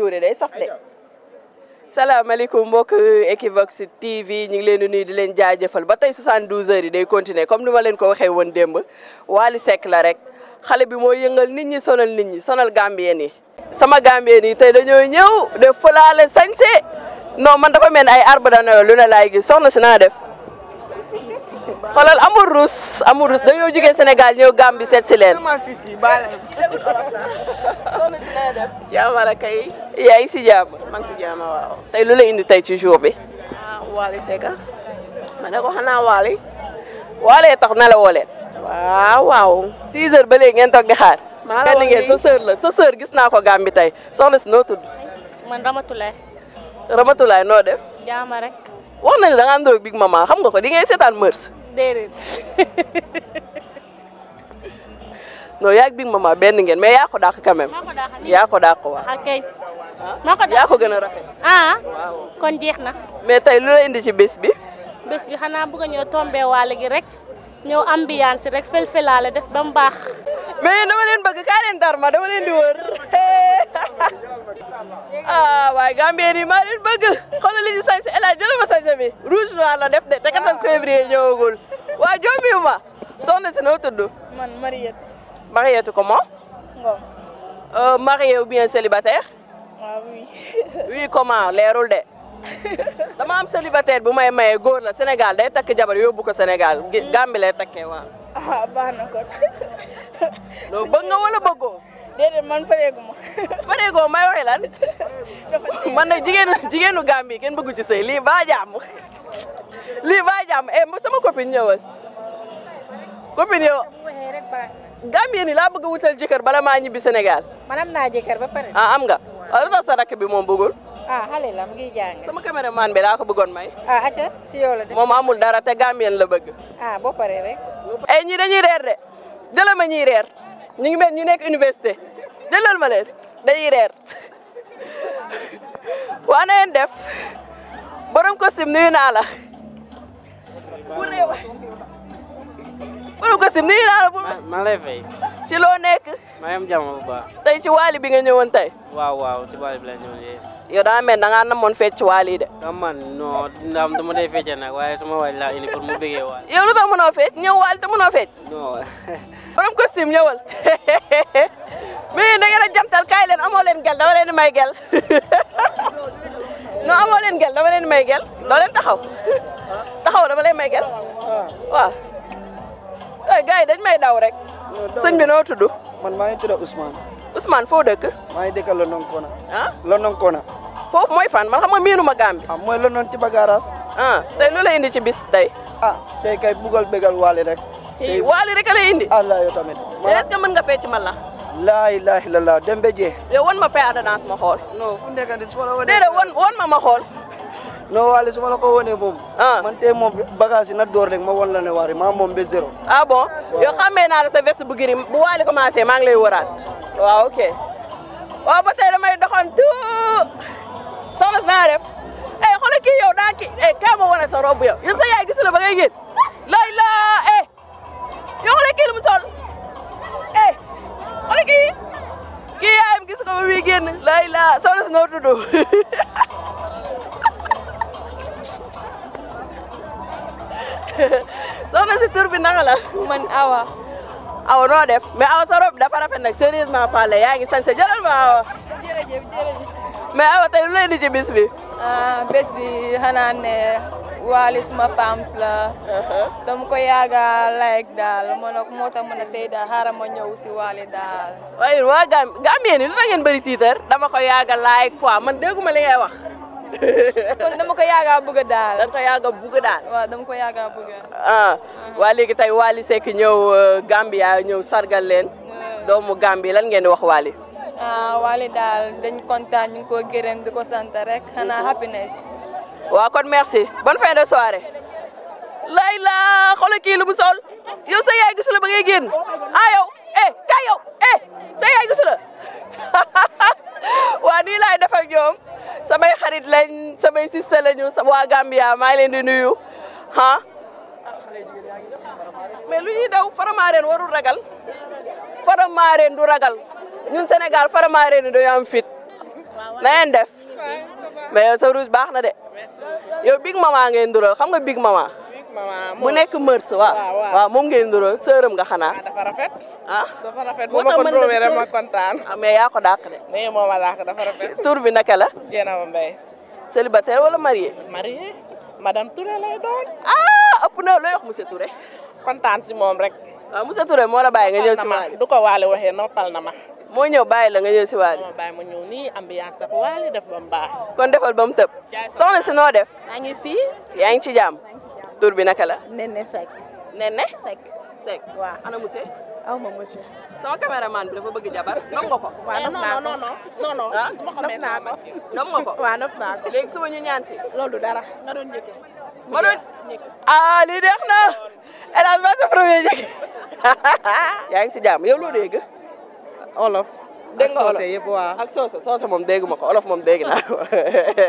tuuri day saf de salaamaaleykum mbokk Equivox TV ñu ngi leen di di leen jaajëfal ba tey 72 heures yi day continuer comme ni ma leen ko waxee woon démb Wally Seck la rek xale bi mooy yëngal nit ñi sonal nit ñi sonal gambien ni sama gambien yi tey dañoo ñëw def fëlaale sañse non man dafa mel ay arbre dana lu ne laay gis soxna si naa def xoolal amul ruus amul ruus dañoo jógee Sénégal ñëw Gambie seet si leen. jaamara kay. yaa ngi si jaam. ngi si jaam waaw. tey lu la indi tey ci jour bi. ah Waly Seck ah. ma ne ko xanaa Waly. Waly tax na la woo leen. waaw waaw. 6 heures ba léegi ngeen toog di xaar. sa la sa sœur gis naa ko Gambie tey soxna si noo tudd. man Ramatoulaye. Ramatoulaye noo def. jaama rek. wax nañu da ngaa ndóog big mama nga ko di ngay seetaan mœurs. déedéet. non yaa ngi Mama benn ngeen mais yaa ko dàq quand même. ko dàq waaw. ok ah? maa ko gën a rafet. ah kon jeex na. mais tey lu la ci bés bi. bés bi xanaa bëgg a ñëw tombé waale gi rek. ñëw ambiance rek felfelaale def ba mu baax. mais bëgg kaa leen dar ma di wër ah waaye Gambien yi maa leen bëgg xoolal li ci sañ si El Hadj jëlee bi rouge noir la def de te 14 février ñëwagul waa jombiwu ma soxna si noo tudd. man Mariette. Mariette comment. Ngom. Euh, mariée ou ah, leerul de. dama am bu may maye góor la Sénégal day takk jabar yóbbu ko Sénégal Gàmbi mm. lay takkee waaw. ah baax nga wala bëggoo. déedéet man pareegu ma. pareegoo may waxee lan. man nag jigéenu jigéenu Gàmbi kenn bëggu ci sëy lii baa jàmm lii baa jàmm eh sama copine ñëwal. copine yow. Gambie ni laa bëgg a wutal jëkkër bala maa ñibbi Sénégal. man am naa ah, am nga. waaw ah, lu sa rakk bi moom bëggul. ah xale la mu ngi jàng. sama caméraman bi laa ko bëggoon may. ah acca si yow la dara te Gambien la bëgg. ah boo paree eh, ñii dañuy reer de jëlal ma ñuy reer ñu ngi mel ñu nekk université jëlal ma leen dañuy reer waa na def borom costume nuyu naa la. bu réew borom nuyu naa la. ci loo nekk. maa ngi am tey ci waali bi nga ñëwoon tey. waaw waaw ci waali yow daa mel da ngaa namoon fecc waali de. ah man non ndax dama day fecce nag waaye sama waay laa indi pour mu bëggee waali. yow lu tax mënoo fecc ñëw waali te mënoo fecc. non. borom costume ñëwal. mais da ngeen a jantal kaay leen amoo leen gel dama leen may gel non amoo leen gel dama leen may gel doo taxaw taxaw dama leen may gel waaw. waaw gars yi dañ may daw rek. sëñ bi noo tudd. man maa ngi tudd Ousmane. Ousmane foo dëkk. maa ngi dëkk London Kona. ah foofu mooy fan man xam nga miinu ma Gambie. ah mooy la noonu ci bagaaras. ah tey loo lay indi ci bis tey. ah tey kay bugal bégal waali rek. tey eh, waali rek a lay indi. allah yow tamit. est-ce que mën nga fecc man la. laa ilaaha illallaah dem ba jeex. yow ma pay ada danse ma xool. non bu nekkee ne su ma la wane. déedéet wan wan ma ma xool. non waale su ma la ko wane moom. Ah. man tey moom bagage na door rek ma wan la ne waari maa moom ba zéro. ah bon yow xamee naa la sa veste bu giri bu waale commencé maa ngi lay wëraat waaw ok waaw ba tey damay doxantu. soxna si naa def eh xoolal kii yow daa kii eh kaa ma wane sa yow yow sa yaay gisu ba ngay yéen lay la eh yow xoolal kii lu mu sol eh xoolal kii kii yaayam gis ko ba muy génn lay la soxna si noo tudd si tur bi naka la. man awa. aw noo def mais aw sa robe dafa rafet nag sérieusement parler yaa ngi sañ sa jëlal ma awa. mais Awa tey lu leen di ci bis bi. Ah, bés bi xanaa ne Wally suma fams la. te uh-huh. ko yaaga like daal man ak moo tax mën a tey daal xaaral ma ñëw si Wally daal. waaye waa Gam Gambien ni lu la ngeen bëri tiitar dama ko yaaga like quoi man dégguma li ngay wax. kon dama ko yaaga bëgg daal. dama ko yaaga dama ko yaaga waa léegi tey Wally Seck ñëw uh, Gambia ñëw sargal leen. Uh-huh. doomu Gambie lan ngeen di wax Wally. Ah, Wally daal dañ kontaan ko gërëm di ko sant rek xanaa happiness. waaw kon merci bonne fin de soirée. layla xoolal kii lu mu sol yow sa yaay gisu ba ngay génn ah yow eh kay yow eh sa yaay gisu waa nii laay def ak ñoom samay xarit lañ samay siste lañu waa Gambia maa ngi leen di nuyu ah. mais lu ñuy daw Faramareen warul ragal Faramareen du ragal. ñun Sénégal Faramareen dañoo am fit na ngeen def mais yow sa baax na de yow big mama ngeen dural xam nga big mama. bu nekk mërs waaw waaw moom ngeen dural sërëm nga xanaa. ah dafa rafet ah. bu ah, de. tur bi naka la. Dieynaba Mbaye. célibataire wala marié. marié madame lay doon. ah ëpp na looy wax monsieur Touré. kontaan si moom rek. waaw ah, monsieur moo la bàyyi nga ñëw si maa du ko waale waxee noppal na ma. moo ñëw bàyyi la nga ñëw si Wally. moo bàyyi ma ñëw nii ambiance ak Wally def ba mu baax. kon defal ba mu tëb. soxna si noo def. maa ngi fii. yaa ngi ci jàmm. tur bi naka la. Nene Seck. Nene. Seck Seck waaw ana monsieur. aw ma monsieur. sama caméraman bi dafa bëgg jabar nopp nga ko. waaw nopp naa eh, ko non non non non. ah nopp naa ko nopp nga ko. waaw nopp naa ko. léegi suba ñu ñaan si. loolu dara nga doon njëkk. ma doon njëkk ah lii deex na El Hadj Ba sa premier njëkk. yaa ngi si jàmm yow loo dégg. olof. dégg nga olof ak soose soose moom dégg ma ko olof moom dégg naa ko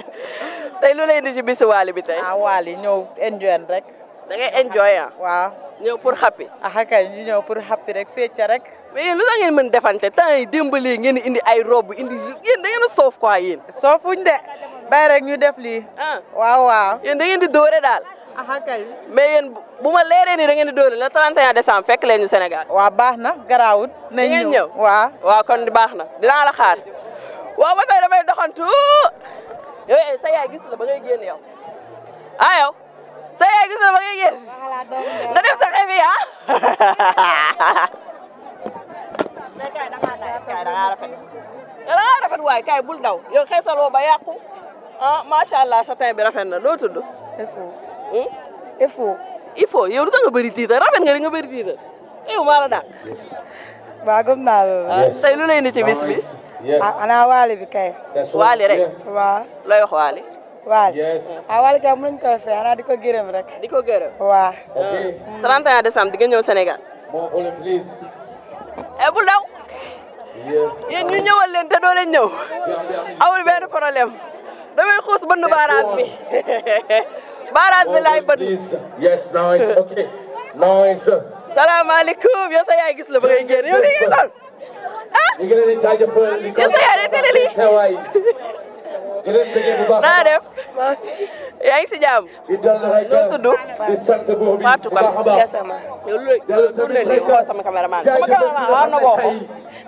tey lu lay indi ci bisu waali bi a ah waali ñëw enjoy rek. da ngay enjoy ah. waaw pour happy. ah kay ñu ñëw happy rek fecce rek. mais yéen lu tax ngeen mën defante temps yi dimbali ngeen indi ay robe indi yéen da ngeen a soof quoi yéen. soofuñ de bay rek ñu def lii. Ah. waaw waaw. yéen da di dóore daal. ah kay mais yéen bu ma leeree ni da ngeen di dóore le 31 fekk leen ñu Sénégal. waaw baax na garaawut. nañ ñëw ñëw waaw. waaw kon baax na dinaa la xaar. waaw ba tey damay doxantu yow eh, sa ba ngay génn yow ah yow sa yaay gis la ba nga def sa xew yi ah. mais kay da ngaa rafet kay da ngaa rafet da kay bul daw yow xeesaloo ba yàqu ah macha allah sa teint bi rafet na loo tudd. il faut. il faut yow da nga bëri tiita rafet nga da nga bëri tiita yow maa la dàq. waaw gëm naa ah, bi. ah ana waale bi kay. waale rek. waaw looy wax waale. waale ah waale kay mënuñ koy fay ana di ko gërëm rek. di ko gërëm waaw. 31 ah. décembre di nga ñëw Sénégal. Eh, daw. yéen ñu ñëwal leen te doo leen ñëw. amul benn damay xuus bënn barrage bi barrage bi yes nice okay nice gis la ba ngay génn yow li ngay yaa ngi si jàmm. noo tudd. Fatou Kam Gassama. yow loolu tur na léegi woo sama caméraman sama caméraman war ah, na koo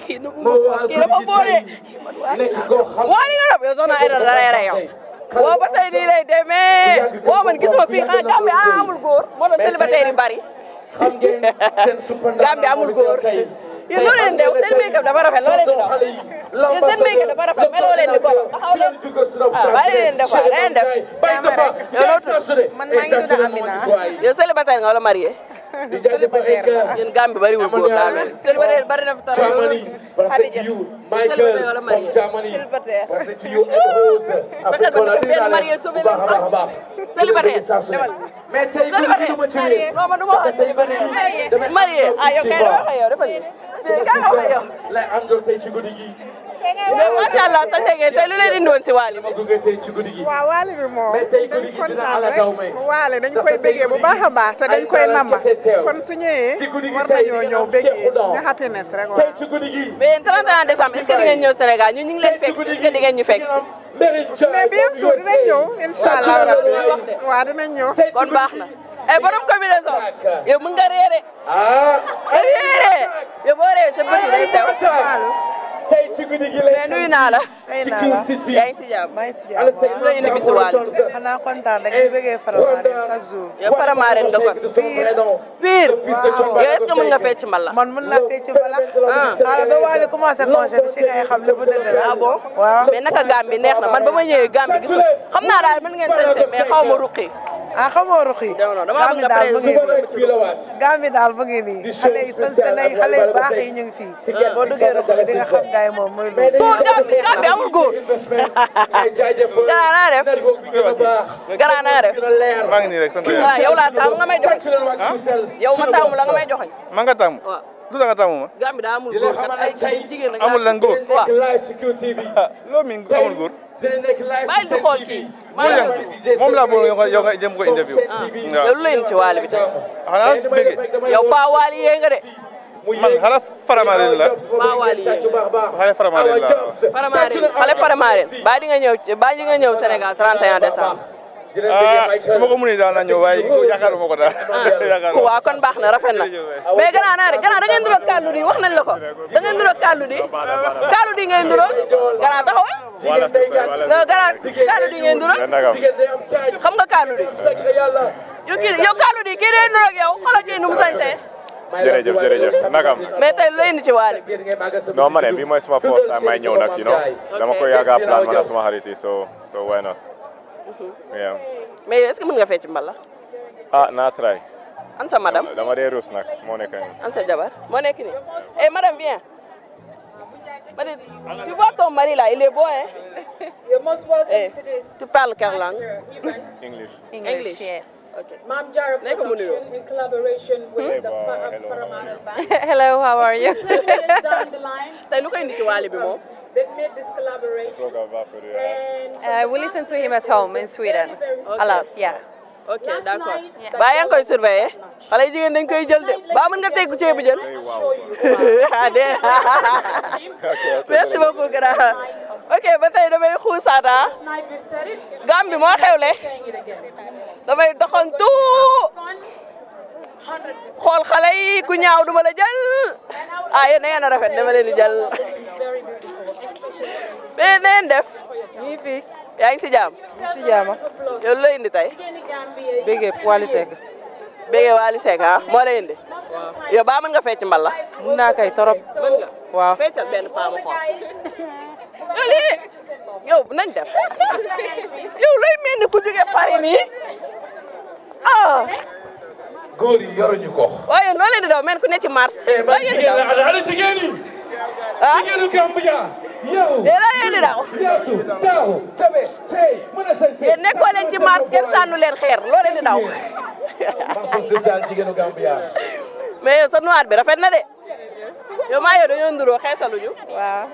kii nu mu kii dafa booree. waa li nga def yow ba tey nii lay demee. woo man gisuma fii xanaa Gambie amul góor moo tax célibataire yi bari. Gambie amul góor. yéen loo leen dew seen make-up dafa rafet loo leen di daw yéen seen make-up dafa rafet meloo leen di golo taxaw leen ah bàyyi leen def waaw da ngeen def. yow loo tudd man maa ngi tudd Amina yow célibataire nga wala marié. di jaajëfal ñun Gambie bariwul góor daa mel. célibataire bari na fi tara. Khadija célibataire wala marié. célibataire. fexeel ba ni benn marié sauvé leen sax. célibataire demal. célibataire. non man du ma wax célibataire. marié ah yow kay dafa xëyoo dafa. kay dafa xëyoo. macha allah sa ngeen tey lu leen indi woon si waali bi. waaw waali bi moom dañ kontaan rek waali dañ koy bégee bu baax a baax te dañ koy namba kon su ñëwee war nañoo ñëw bégee ñu happiness rek waaw. mais yéen 31 décembre est-ce que di ngeen ñëw Sénégal ñu ñu ngi leen fekk si est-ce que di ngeen ñu fekk si. mais bien sûr dinañ ñëw incha allah rabbi waaw dinañ ñëw. kon baax na. ay eh, borom combinaison yow mën nga réeré. ah réeré yow sa bët tey ci guddi gi lay. mais nuyu naa la. ci King City yaa ngi si jàmm. maa ngi si jàmm waaw ñu la indi bisu waale. xanaa kontaan rek ñu bëggee Faramaren chaque jour. yow Faramaren nga kon. pire pire. waaw yow est ce que mën nga fecc mbalax. man mën naa fecc mbalax. ah xaaral ah, ba waale commencé congé bi si ngay xam lépp dëgg la. ah bon waaw mais naka Gambie neex na man ba ma ñëwee Gambie gisul xam naa daal mën ngeen sañse mais xaw ma ruqi. ah xamoo ruqi. Gàmbi daal mu ngi nii Gàmbi daal mu ngi nii xale yi sant nañ xale yu baax yi ñu ngi fii boo duggee ruqi xam gaay moom mooy lu. góor Gàmbi Gàmbi amul góor. gannaaw naa def. gannaaw naa def. maa ngi nii rek sant yàlla. waaw yow laa taamu nga may joxe. yow ma taamu la nga may ma nga taamu. waaw lu tax taamu ma. Gàmbi daa amul góor kat ay jigéen rek. amul lan góor waaw. loo mi amul góor. dina nekk live ci seen TV moom laa bëggoon yow yow jëm ko interview. waaw ah. ah. loolu ci waali bi tey. Ah. xanaa bëgg yow paa waali yee nga de. la. paa waali yee xale faramaareen la waaw. faramaareen xale faramaareen. baa di nga ñëw baa di nga ñëw Sénégal 31 décembre. Ah, su ma ko mënee daal naa ñëw waaye yaakaaruma ko daal. waaw kon baax na rafet na mais gannaaw naa ne gannaaw da ngeen dugal kàllu di wax nañ la ko da ngeen dugal kàllu di kàllu di ngeen dugal gannaaw taxawal. voilà gannaaw kàllu di ngeen dugal xam nga kàllu di. yow kii yow kàllu di kii day nuroog yow xoolal kii nu mu sañsee. jërëjëf jërëjëf nakam mais tey looy indi ci waali non ma ne bii mooy suma force time may ñëw nag you know dama ko yàgg a plan ma ne suma xarit yi so so why not waaw mais est-ce que mën nga fecc mbalax. ah naa try. an sa madame dama dee ruus nag moo nekk nii. an sa jabar moo nekk nii eh madame bien. But it, tu vois ton mari là, il est beau, eh, English. English. English, hmm? Hello, how are you? down the line. Um, They look uh, we listen to him at home in Sweden. Very, very ok d'accord baa yan ngi koy surveiller xale yi jigéen dañ koy jël de ba mën nga tey ku ceebu jël ah de merci beaucoup grand ok ba tey damay xuusaat ah Gambie moo xewle damay doxantu xool xale yi ku ñaaw duma la jël ah yéen na ngeen a rafet dama leen di jël beneen def ñii fii. yaa ngi si jaam. si jaam yow lu la indi tey. bége Waly Seck. bége Waly Seck ah moo la indi. waaw yow baa mën nga fecc mbala. mën naa kay torop. mën nga waaw feccal benn paa ma xool. yow lii yow nañ def yow lay mel ni ku jógee Paris nii ah. góor yi yoruñu ko. waaye noo leen di daw mel ku ne ci mars. lan eh, ngeen di daw ah jigéenu Gambia daw yaatu daaw tabe mars kenn sànnu leen xeer loo leen di daw mention jigéenu Gambia mais sa noir bi rafet na de yow maa yow dañoo nduroo xeesaluñu waaw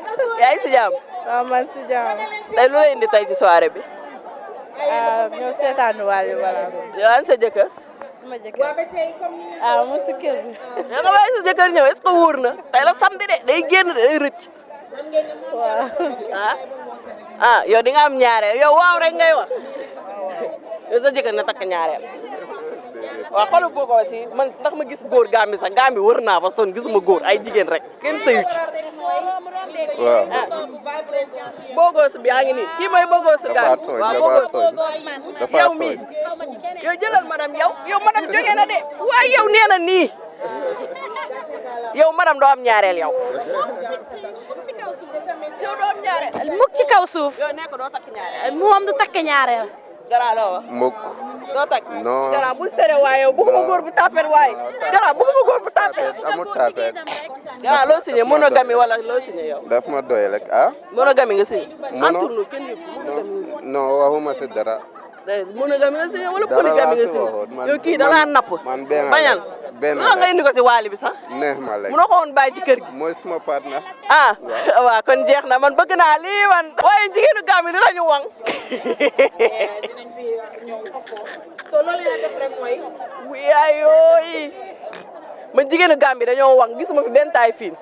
yaa ngi si jàmm waaw man si jàmm tey lu la indi ci soirée bi ah ñoo seetaan wàllu wala yow an sa jëkkër sama jëkkër waaw ba tey comme ni nga ah, ah, bàyyi sa jëkkër ñëw est-ce que na tey la samedi de day génn de day rëcc. waaw ah ah yow di nga am ñaareel yow waaw rek ngay wax yow sa jëkkër na takk ñaareel. waaw xoolal boo ko ndax ma gis góor Gambie sax Gambie wër naa fa son ma góor ay jigéen rek kenn sëyu ci. waaw ah. Bogos kii mooy Bogos Gambie yow mii yow jëlal madame yow yow madame jóge de waaye yow nee na yow madame doo am ñaareel yow. yow doo ci kaw suuf. yow nee ko doo takk ñaareel. Gara loo wax. mbokk. doo tag non Gara bul sere waaye yow bu tapet waaye. Gara bëgguma góor bu tapet. Gara loo signé wala loo signé yow. daf ma doy rek ah. monogami nga signé. mono entouré dara. Eh, monogami nga signé wala polygami nga signé. yow kii da laa napp. man benn bañal. benn la nga indi ko si bi sax. neex kër gi. mooy suma partenaire. ah waaw kon jeex na man bëgg naa lii man. waaye jigéenu Gambie dinañu waŋ. so loolu la def rek mooy wiyaayooyi ma jigéenu Gambie dañoo wang gisuma fi benn taay fii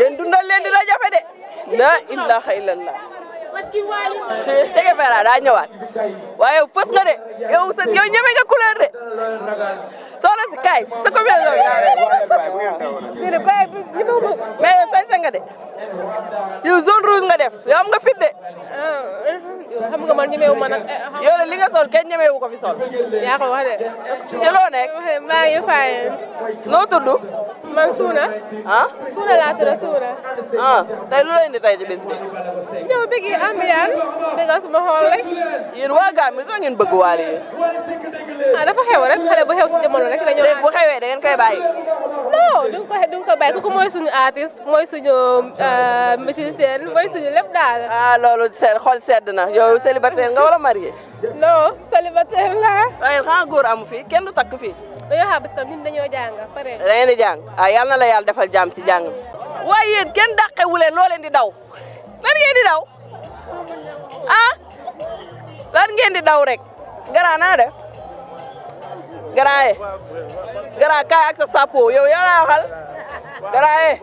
yéen dundal leen dina jafe de la ilaha illallah Teke Fera daa ñëwaat waaye fës nga de yow sa yow ñeme nga couleur de soxla si kaay sa commune la loolu. mais yow sañ-sañ nga de yow zone rouge nga def yow nga fit de. xam nga man ñemewu ma nag. yow li nga sol kenn ñemewu ko fi sol. yaa ko wax de. ci loo nekk. ngi fayeen. noo tudd. man suuna. ah suuna laa suuna. ah tey lu lay indi tey ci bis bi. ñëw bëgg ambiance bëggal suma xool rek. yéen waa Gambie da ngeen bëgg waale yéen. ah dafa xew rek xale bu xew si jamono rek la ñu. léegi bu xewee da ngeen koy bàyyi. non du ko du ko bàyyi mooy suñu artiste mooy suñu euh, suñu lépp daal. ah loolu seen xol sedd na yow célibataire nga wala marié. non célibataire laa. waaye xanaa góor amu fi kenn du takk fii. dañoo xam parce que ñun dañoo jàng pare. da ngeen di jàng ah yal na la yàlla defal jàmm ci jàng. waaye yéen kenn dàqewu leen loo leen di daw. lan ngeen di daw. ah lan di daw rek. gara naa def. grand ye eh. grand ak sa sapo yow yow laa waxal grand eh.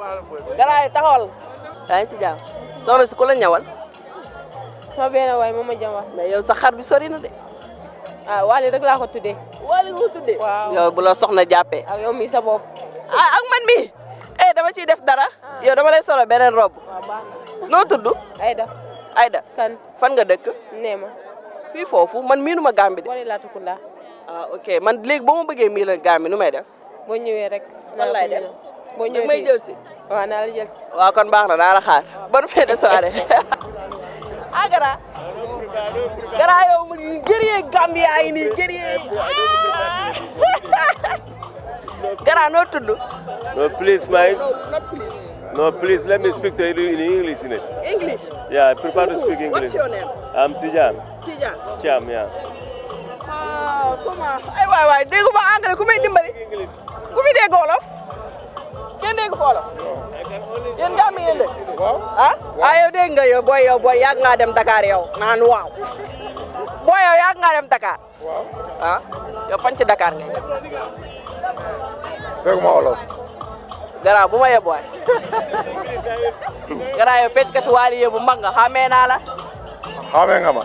eh, ye ngi si jàmm soxna si ku ñawal. sama benn waay moom ma jëm wax. mais yow sa xar bi sori de. ah Waly rek laa ko tuddee. Waly nga ko tuddee. waaw yow bu la soxna jàppee. ak yow mii sa bopp. ah ak man mii. eh dama ciy def dara. Ah. yow dama lay solo beneen robe. waaw baax noo tudd. Aida. Aida fan nga dëkk. Neema. fii foofu man miinu ma Gàmbi de. Waly laa tukunda. ah ok man léegi ba ma bëggee miila gaam mi nu may def. boo ñëwee rek. fan laay def boo ñëwee may jël si. waaw la jël si. kon baax na naa la xaar bonne fin de soirée. ah Gara. Gara yow mu Gambie yaa ngi nii gërëyee. Gara noo tudd. no please my. no please let English in English. yeah I prefer to speak English. what's your name. I'm Cham yeah. waaw ah, Thomas ay waay waay déggu ma anglais ku dégg wolof kenn dégg fa wolof yéen gàmm yéen de ah? Ah, dégg nga yow booy yow booy yàgg dem Dakar yow naan waaw booy yow yàgg ngaa dem Dakar ah yow fan Dakar nga déggu ma wolof garaaw bu ma yebwaay garaaw yow fecckat waali yow bu mag nga xamee naa la xamee nga ma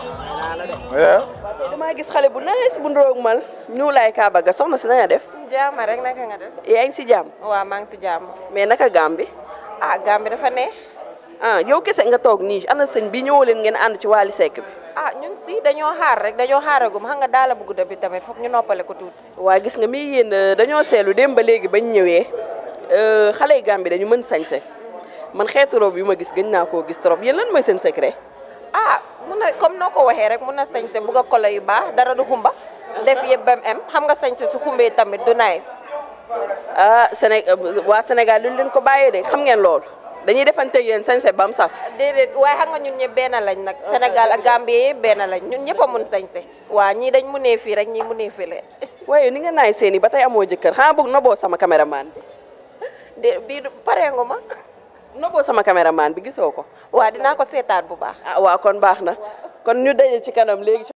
maa gis xale bu nice bu ndoog mal ñu lay kaa bëgg soxna si na nga def. jaama rek naka nga def. yaa ngi si jaam. waaw maa ngi si jaam. mais naka gaam bi. ah gaam dafa neex. ah yow kese nga toog nii ana sëñ bi ñëwoo leen ngeen ànd ci Wally Seck bi. Ah, ñu ngi si dañoo xaar rek dañoo xaaragum xam nga daala bu gudda bi tamit foog ñu noppale ko tuuti. waa gis nga mi yéen euh, dañoo seelu dem ba léegi bañ ñëwee euh, xale yi gaam bi dañu mën se man xeetu robe yu ma gis gën naa koo gis trop yéen lan mooy seen secret ah mun na comme noo ko waxee rek mun na sañse bugg a kolo yu baax dara du xumba def yëpp bam em xam nga sañse su xumbee tamit du nice ah Séné waa Sénégal luñ leen ko bàyyee de xam ngeen loolu dañuy defanteeg yéen sañse bam saf déedéet waaye xam nga ñun ñëpp benn lañ nag Sénégal ak Gambie yëpp benn lañ ñun ñëpp a mun sañse waa ñii dañ munee fii rek ñii munee fii leen waaye ni nga naay seen i ba tey amoo jëkkër xanaa bëgg na boo sama caméraman de bii du parengu ma noboo sama caméraman bi gisoo ko. waa dinaa ko seetaat bu baax. ah waaw kon baax na kon ñu daje ci kanam léegi.